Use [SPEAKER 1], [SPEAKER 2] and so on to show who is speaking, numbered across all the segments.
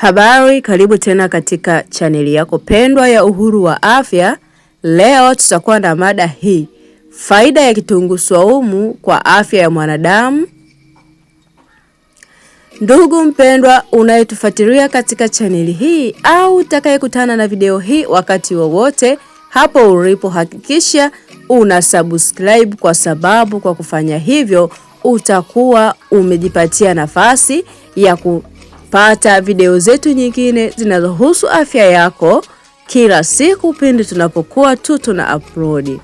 [SPEAKER 1] Habari, karibu tena katika chaneli yako pendwa ya Uhuru wa Afya. Leo tutakuwa na mada hii, faida ya kitunguu swaumu kwa afya ya mwanadamu. Ndugu mpendwa unayetufuatilia katika chaneli hii au utakayekutana na video hii wakati wowote wa hapo ulipo, hakikisha una subscribe kwa sababu kwa kufanya hivyo utakuwa umejipatia nafasi ya ku Pata video zetu nyingine zinazohusu afya yako kila siku pindi tunapokuwa tu tuna upload.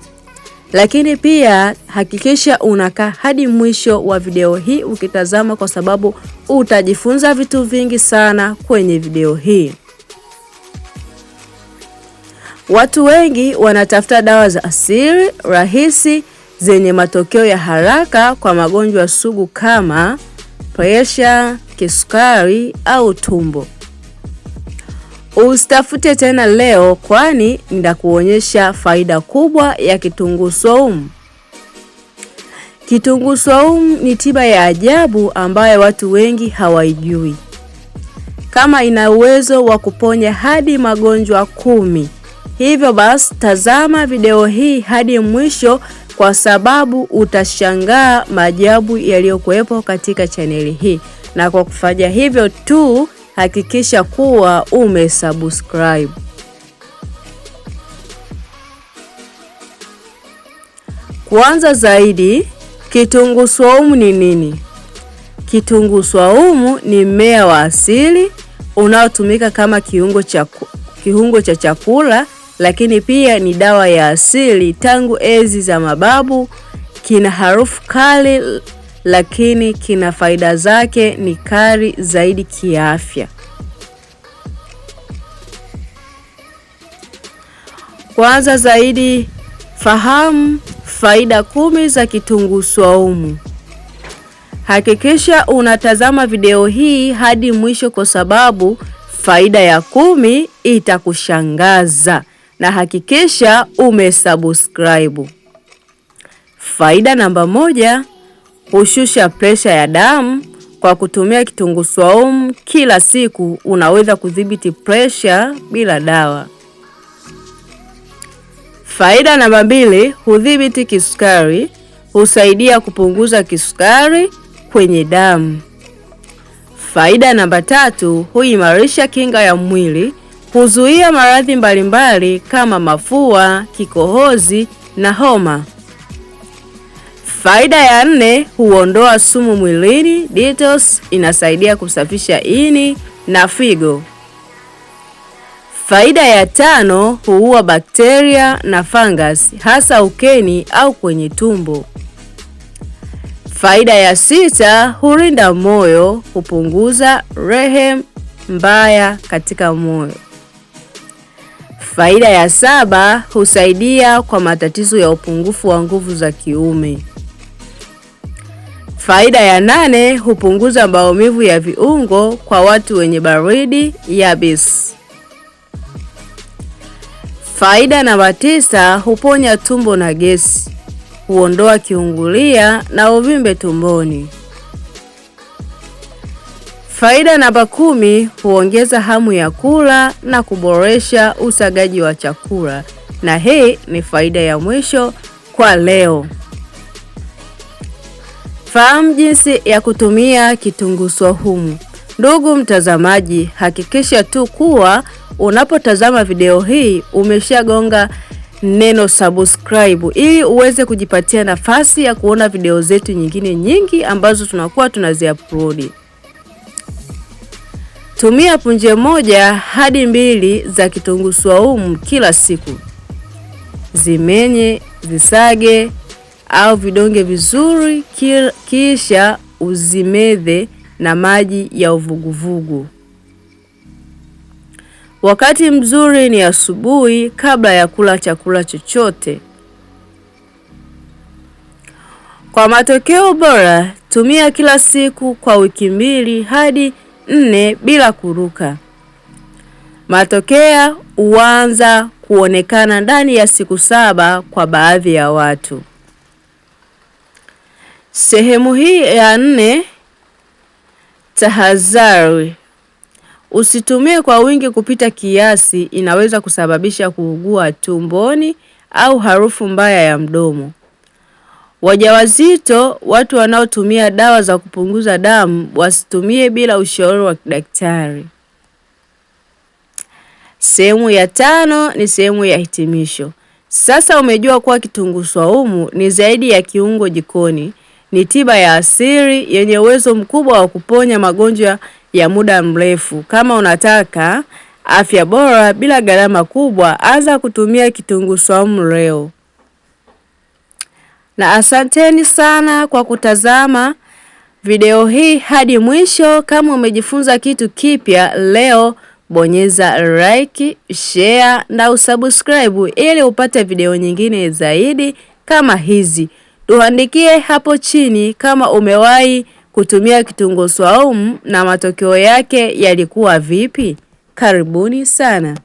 [SPEAKER 1] Lakini pia hakikisha unakaa hadi mwisho wa video hii ukitazama, kwa sababu utajifunza vitu vingi sana kwenye video hii. Watu wengi wanatafuta dawa za asili rahisi zenye matokeo ya haraka kwa magonjwa sugu kama presha, kisukari au tumbo. Usitafute tena leo, kwani nitakuonyesha faida kubwa ya kitunguu saumu. Kitunguu saumu ni tiba ya ajabu ambayo watu wengi hawaijui, kama ina uwezo wa kuponya hadi magonjwa kumi. Hivyo basi, tazama video hii hadi mwisho, kwa sababu utashangaa maajabu yaliyokuwepo katika chaneli hii na kwa kufanya hivyo tu hakikisha kuwa umesubscribe. kwanza zaidi, kitunguu swaumu ni nini? Kitunguu swaumu ni mmea wa asili unaotumika kama kiungo cha, kiungo cha chakula lakini pia ni dawa ya asili tangu enzi za mababu. Kina harufu kali lakini kina faida zake ni kali zaidi kiafya. Kwanza zaidi fahamu faida kumi za kitunguu swaumu. Hakikisha unatazama video hii hadi mwisho kwa sababu faida ya kumi itakushangaza na hakikisha umesubscribe. Faida namba moja hushusha presha ya damu. Kwa kutumia kitunguu swaumu kila siku, unaweza kudhibiti presha bila dawa. Faida namba mbili, hudhibiti kisukari, husaidia kupunguza kisukari kwenye damu. Faida namba tatu, huimarisha kinga ya mwili, huzuia maradhi mbalimbali kama mafua, kikohozi na homa. Faida ya nne, huondoa sumu mwilini. Detox inasaidia kusafisha ini na figo. Faida ya tano, huua bakteria na fungus hasa ukeni au kwenye tumbo. Faida ya sita, hulinda moyo, hupunguza rehem mbaya katika moyo. Faida ya saba, husaidia kwa matatizo ya upungufu wa nguvu za kiume. Faida ya nane, hupunguza maumivu ya viungo kwa watu wenye baridi yabisi. Faida namba tisa, huponya tumbo na gesi, huondoa kiungulia na uvimbe tumboni. Faida namba kumi, huongeza hamu ya kula na kuboresha usagaji wa chakula. Na hii ni faida ya mwisho kwa leo. Fahamu jinsi ya kutumia kitunguu swaumu. Ndugu mtazamaji, hakikisha tu kuwa unapotazama video hii umeshagonga neno subscribe ili uweze kujipatia nafasi ya kuona video zetu nyingine nyingi ambazo tunakuwa tunaziupload. Tumia punje moja hadi mbili za kitunguu swaumu kila siku. Zimenye, zisage au vidonge vizuri, kisha uzimedhe na maji ya uvuguvugu. Wakati mzuri ni asubuhi kabla ya kula chakula chochote. Kwa matokeo bora, tumia kila siku kwa wiki mbili hadi nne bila kuruka. Matokeo huanza kuonekana ndani ya siku saba kwa baadhi ya watu. Sehemu hii ya nne, tahadhari: usitumie kwa wingi kupita kiasi, inaweza kusababisha kuugua tumboni au harufu mbaya ya mdomo. Wajawazito, watu wanaotumia dawa za kupunguza damu wasitumie bila ushauri wa daktari. Sehemu ya tano ni sehemu ya hitimisho. Sasa umejua kuwa kitunguu swaumu ni zaidi ya kiungo jikoni. Ni tiba ya asili yenye uwezo mkubwa wa kuponya magonjwa ya muda mrefu. Kama unataka afya bora bila gharama kubwa, anza kutumia kitunguu swaumu leo. Na asanteni sana kwa kutazama video hii hadi mwisho. Kama umejifunza kitu kipya leo, bonyeza like, share na usubscribe ili upate video nyingine zaidi kama hizi. Tuandikie hapo chini kama umewahi kutumia kitunguu swaumu na matokeo yake yalikuwa vipi? Karibuni sana.